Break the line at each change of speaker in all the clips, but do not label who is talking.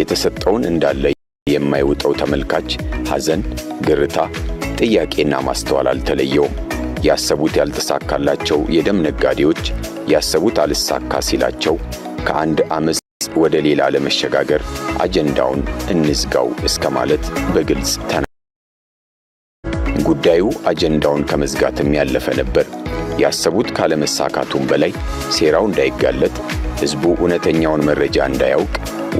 የተሰጠውን እንዳለ የማይውጠው ተመልካች ሐዘን፣ ግርታ፣ ጥያቄና ማስተዋል አልተለየውም። ያሰቡት ያልተሳካላቸው የደም ነጋዴዎች ያሰቡት አልሳካ ሲላቸው ከአንድ አመፅ ወደ ሌላ ለመሸጋገር አጀንዳውን እንዝጋው እስከ ማለት በግልጽ ተና ጉዳዩ አጀንዳውን ከመዝጋትም ያለፈ ነበር። ያሰቡት ካለመሳካቱም በላይ ሴራው እንዳይጋለጥ ሕዝቡ እውነተኛውን መረጃ እንዳያውቅ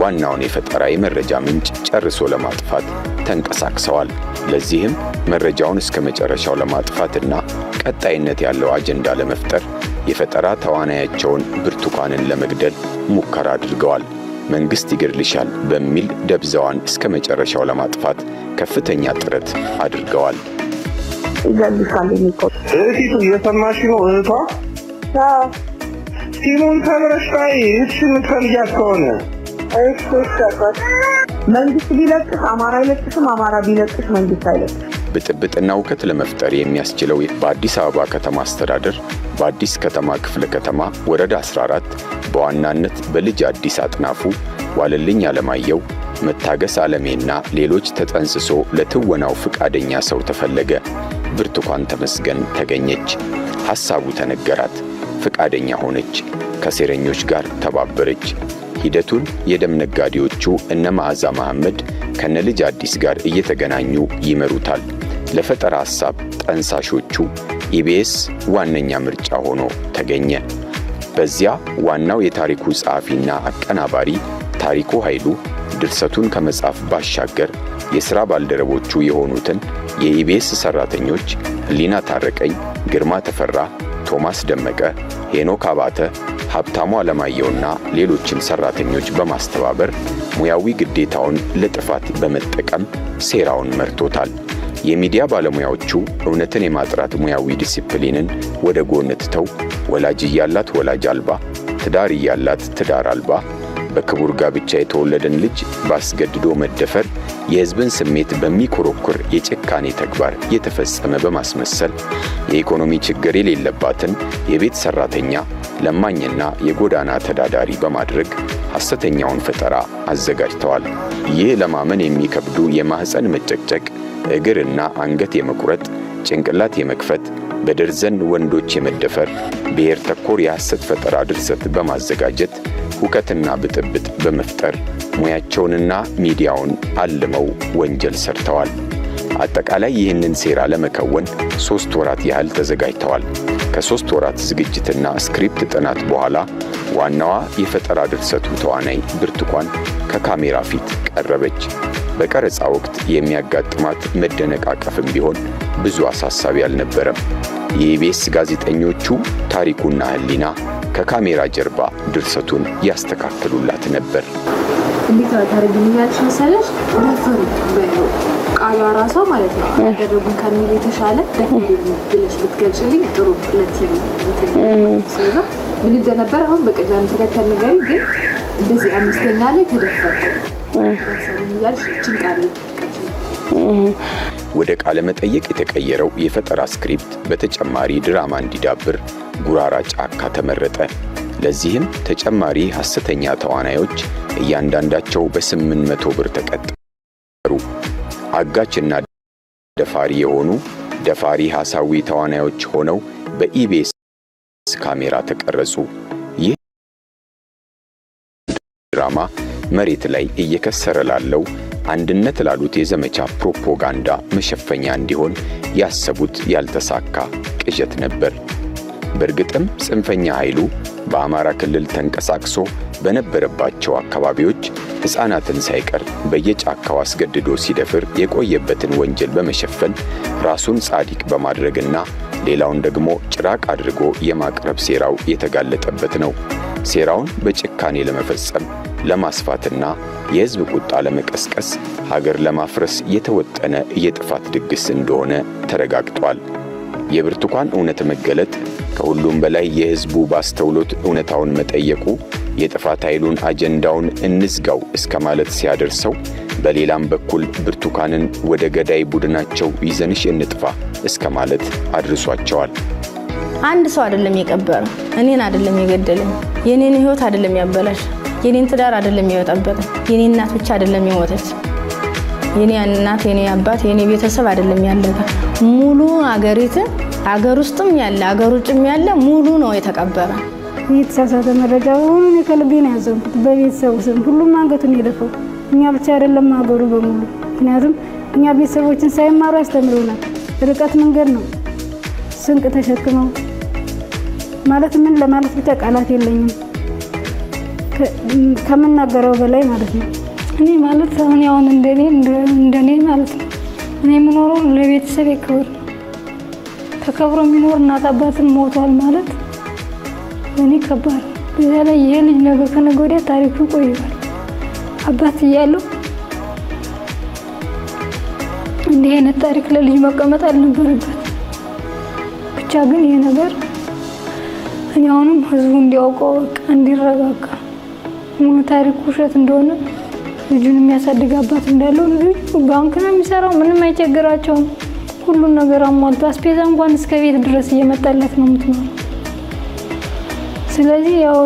ዋናውን የፈጠራ የመረጃ ምንጭ ጨርሶ ለማጥፋት ተንቀሳቅሰዋል። ለዚህም መረጃውን እስከ መጨረሻው ለማጥፋትና ቀጣይነት ያለው አጀንዳ ለመፍጠር የፈጠራ ተዋናያቸውን ብርቱካንን ለመግደል ሙከራ አድርገዋል። መንግሥት ይገድልሻል በሚል ደብዛዋን እስከ መጨረሻው ለማጥፋት ከፍተኛ ጥረት አድርገዋል።
ይገልሳል የሚቆጥ
እህቲቱ እየሰማሽ ነው። እህቷ ሲሙን ተምረሽ ጣይ እህትሽ ከሆነ
መንግስት ቢለቅስ አማራ አይለቅስም፣ አማራ ቢለቅስ መንግስት አይለቅስም።
ብጥብጥና እውከት ለመፍጠር የሚያስችለው በአዲስ አበባ ከተማ አስተዳደር በአዲስ ከተማ ክፍለ ከተማ ወረዳ 14 በዋናነት በልጅ አዲስ አጥናፉ፣ ዋለልኝ አለማየው መታገስ አለሜና ሌሎች ተጠንስሶ ለትወናው ፍቃደኛ ሰው ተፈለገ። ብርቱካን ተመስገን ተገኘች። ሐሳቡ ተነገራት፣ ፍቃደኛ ሆነች፣ ከሴረኞች ጋር ተባበረች። ሂደቱን የደም ነጋዴዎቹ እነ መዓዛ መሐመድ ከነልጅ አዲስ ጋር እየተገናኙ ይመሩታል። ለፈጠራ ሐሳብ ጠንሳሾቹ ኢቢኤስ ዋነኛ ምርጫ ሆኖ ተገኘ። በዚያ ዋናው የታሪኩ ጸሐፊና አቀናባሪ ታሪኩ ኃይሉ ድርሰቱን ከመጻፍ ባሻገር የሥራ ባልደረቦቹ የሆኑትን የኢቢኤስ ሠራተኞች ሕሊና ታረቀኝ፣ ግርማ ተፈራ፣ ቶማስ ደመቀ፣ ሄኖክ አባተ ሀብታሙ ና ሌሎችን ሰራተኞች በማስተባበር ሙያዊ ግዴታውን ለጥፋት በመጠቀም ሴራውን መርቶታል። የሚዲያ ባለሙያዎቹ እውነትን የማጥራት ሙያዊ ዲሲፕሊንን ወደ ጎን ትተው ወላጅ እያላት ወላጅ አልባ፣ ትዳር እያላት ትዳር አልባ፣ በክቡር ጋብቻ የተወለደን ልጅ በአስገድዶ መደፈር የህዝብን ስሜት በሚኮረኩር የጭካኔ ተግባር የተፈጸመ በማስመሰል የኢኮኖሚ ችግር የሌለባትን የቤት ሰራተኛ ለማኝና የጎዳና ተዳዳሪ በማድረግ ሐሰተኛውን ፈጠራ አዘጋጅተዋል። ይህ ለማመን የሚከብዱ የማኅፀን መጨቅጨቅ፣ እግርና አንገት የመቁረጥ፣ ጭንቅላት የመክፈት በደርዘን ወንዶች የመደፈር ብሔር ተኮር የሐሰት ፈጠራ ድርሰት በማዘጋጀት ሁከትና ብጥብጥ በመፍጠር ሙያቸውንና ሚዲያውን አልመው ወንጀል ሰርተዋል። አጠቃላይ ይህንን ሴራ ለመከወን ሦስት ወራት ያህል ተዘጋጅተዋል። ከሦስት ወራት ዝግጅትና ስክሪፕት ጥናት በኋላ ዋናዋ የፈጠራ ድርሰቱ ተዋናይ ብርቱካን ከካሜራ ፊት ቀረበች። በቀረጻ ወቅት የሚያጋጥማት መደነቃቀፍም ቢሆን ብዙ አሳሳቢ አልነበረም። የኢቢኤስ ጋዜጠኞቹ ታሪኩና ህሊና ከካሜራ ጀርባ ድርሰቱን ያስተካክሉላት ነበር።
እንዴት ታደርግልኛለች መሰለሽ? ደፈሩ ቃሏ ራሷ ማለት ነው ያደረጉን ከሚል የተሻለ ብለሽ ብትገልጭልኝ ጥሩ ለት ስለዛ ነበር አሁን በቅዳም ተከተል ነገሪ ግን እንደዚህ አምስተኛ ላይ ተደፈር
ወደ ቃለ መጠየቅ የተቀየረው የፈጠራ ስክሪፕት በተጨማሪ ድራማ እንዲዳብር ጉራራ ጫካ ተመረጠ። ለዚህም ተጨማሪ ሐሰተኛ ተዋናዮች እያንዳንዳቸው በስምንት መቶ ብር ተቀጠሩ። አጋችና ደፋሪ የሆኑ ደፋሪ ሐሳዊ ተዋናዮች ሆነው በኢቢኤስ ካሜራ ተቀረጹ። ይህ ድራማ መሬት ላይ እየከሰረ ላለው አንድነት ላሉት የዘመቻ ፕሮፖጋንዳ መሸፈኛ እንዲሆን ያሰቡት ያልተሳካ ቅዠት ነበር። በእርግጥም ጽንፈኛ ኃይሉ በአማራ ክልል ተንቀሳቅሶ በነበረባቸው አካባቢዎች ሕፃናትን ሳይቀር በየጫካው አስገድዶ ሲደፍር የቆየበትን ወንጀል በመሸፈን ራሱን ጻዲቅ በማድረግና ሌላውን ደግሞ ጭራቅ አድርጎ የማቅረብ ሴራው የተጋለጠበት ነው። ሴራውን በጭካኔ ለመፈጸም ለማስፋትና የሕዝብ ቁጣ ለመቀስቀስ ሀገር ለማፍረስ የተወጠነ የጥፋት ድግስ እንደሆነ ተረጋግጧል። የብርቱካን እውነት መገለጥ ከሁሉም በላይ የህዝቡ ባስተውሎት እውነታውን መጠየቁ የጥፋት ኃይሉን አጀንዳውን እንዝጋው እስከ ማለት ሲያደርሰው፣ በሌላም በኩል ብርቱካንን ወደ ገዳይ ቡድናቸው ይዘንሽ እንጥፋ እስከ ማለት አድርሷቸዋል።
አንድ ሰው አይደለም የቀበረ፣ እኔን አይደለም የገደለኝ፣ የኔን ህይወት አይደለም ያበላሽ፣ የኔን ትዳር አይደለም የበጠበጠ፣ የኔ እናት ብቻ አይደለም የሞተች፣ የኔ እናት፣ የኔ አባት፣ የኔ ቤተሰብ አይደለም ያለቀ ሙሉ አገሪትን አገር ውስጥም ያለ አገር ውጭም ያለ ሙሉ ነው የተቀበረ።
የተሳሳተ መረጃ በሆኑን የከልቤ ነው ያዘንኩት። በቤተሰቡ ስም ሁሉም አንገቱን የደፈው እኛ ብቻ አይደለም አገሩ በሙሉ። ምክንያቱም እኛ ቤተሰቦችን ሳይማሩ ያስተምረውናል። ርቀት መንገድ ነው ስንቅ ተሸክመው ማለት ምን ለማለት ብቻ ቃላት የለኝም ከምናገረው በላይ ማለት ነው። እኔ ማለት አሁን ያሁን እንደኔ እንደኔ ማለት ነው እኔ የምኖረው ለቤተሰብ ክብር ተከብሮ የሚኖር እናት አባትን ሞቷል ማለት እኔ ከባድ በዚያ ላይ ይሄ ልጅ ነገ ከነገ ወዲያ ታሪኩ ይቆያል። አባት እያለው እንዲህ አይነት ታሪክ ለልጅ መቀመጥ አልነበረበት። ብቻ ግን ይሄ ነገር እኔ አሁንም ህዝቡ እንዲያውቀው በቃ እንዲረጋጋ ሙሉ ታሪክ ውሸት እንደሆነ ልጁን የሚያሳድግ አባት እንዳለው ልጁ ባንክ ነው የሚሰራው፣ ምንም አይቸግራቸውም። ሁሉን ነገር አሟልቶ አስፔዛ እንኳን እስከ ቤት ድረስ እየመጣለት ነው የምትኖረው። ስለዚህ ያው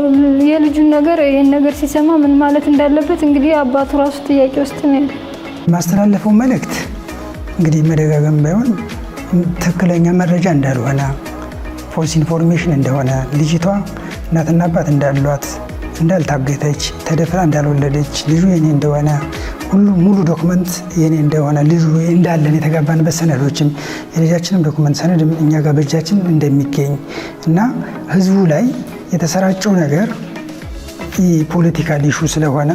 የልጁን ነገር ይህን ነገር ሲሰማ ምን ማለት እንዳለበት እንግዲህ አባቱ ራሱ ጥያቄ ውስጥ ነው ያለ።
የማስተላለፈው መልእክት እንግዲህ መደጋገም ባይሆን ትክክለኛ መረጃ እንዳልሆነ ፎልስ ኢንፎርሜሽን እንደሆነ ልጅቷ እናትና አባት እንዳሏት፣ እንዳልታገተች፣ ተደፍራ እንዳልወለደች፣ ልጁ የኔ እንደሆነ ሁሉ ሙሉ ዶክመንት የኔ እንደሆነ ልጁ እንዳለን የተጋባንበት ሰነዶችም የልጃችንም ዶክመንት ሰነድም እኛ ጋር በእጃችን እንደሚገኝ እና ህዝቡ ላይ የተሰራጨው ነገር ፖለቲካል ኢሹ ስለሆነ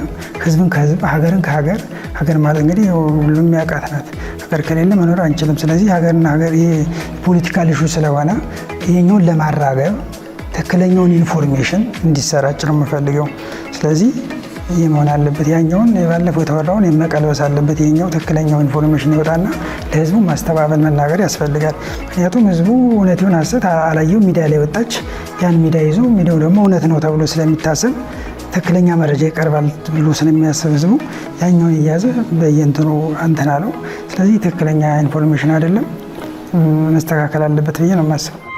ህዝብን ከህዝብ ሀገርን ከሀገር ሀገር ማለት እንግዲህ ሁሉም የሚያውቃት ናት። ሀገር ከሌለ መኖር አንችልም። ስለዚህ ሀገርና ሀገር ፖለቲካል ኢሹ ስለሆነ ይህኛውን ለማራገብ ትክክለኛውን ኢንፎርሜሽን እንዲሰራጭ ነው የምፈልገው። ስለዚህ ይህ መሆን አለበት፣ ያኛውን ባለፈው የተወራውን መቀልበስ አለበት፣ ይኛው ትክክለኛው ኢንፎርሜሽን ይወጣና ለህዝቡ ማስተባበል መናገር ያስፈልጋል። ምክንያቱም ህዝቡ እውነትን ሀሰት አላየው ሚዲያ ላይ ወጣች፣ ያን ሚዲያ ይዞ ሚዲያው ደግሞ እውነት ነው ተብሎ ስለሚታሰብ ትክክለኛ መረጃ ይቀርባል ብሎ ስለሚያስብ ህዝቡ ያኛውን እያዘ በየንትኑ እንትን አለው። ስለዚህ ትክክለኛ ኢንፎርሜሽን አይደለም፣ መስተካከል አለበት ብዬ ነው የማስበው።